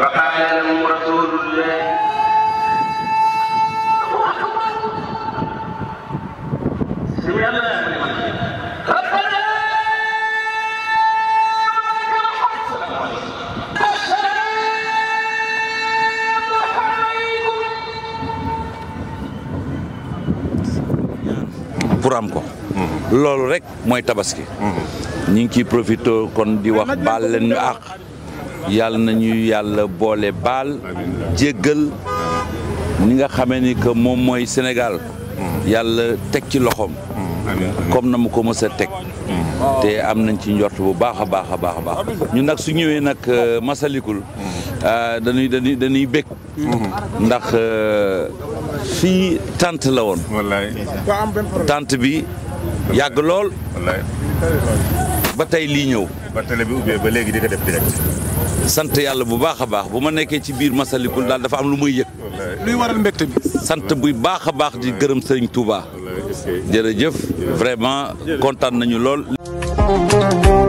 فقال لهم رسول الله سمع الله لمن ربنا pour am ko loolu rek mooy tabaski mm-hmm. ñu ngi ciy profité kon di wax baal leen ñu àq yàlla nañu yàlla boole baal jégal ñi nga xamee ni que moom mooy Sénégal yàlla teg ci loxoom comme na mu ko mës teg te am nañ ci njort bu baax a baax a baax a baax nag su ñëwee nag euh, Masalikul euh, dañuy dañuy dañuy bég ndax euh, fii tante la woon tante bi yàgg lool ba tey lii ñëw. ba télé bi ubbee ba léegi di ko def direct. sant yàlla bu baax a baax bu ma nekkee ci biir Massalikul daal dafa am lu muy yëg. luy waral mbégte bi. sant buy baax a baax di gërëm Serigne Touba. jërëjëf vraiment kontaan nañu lool.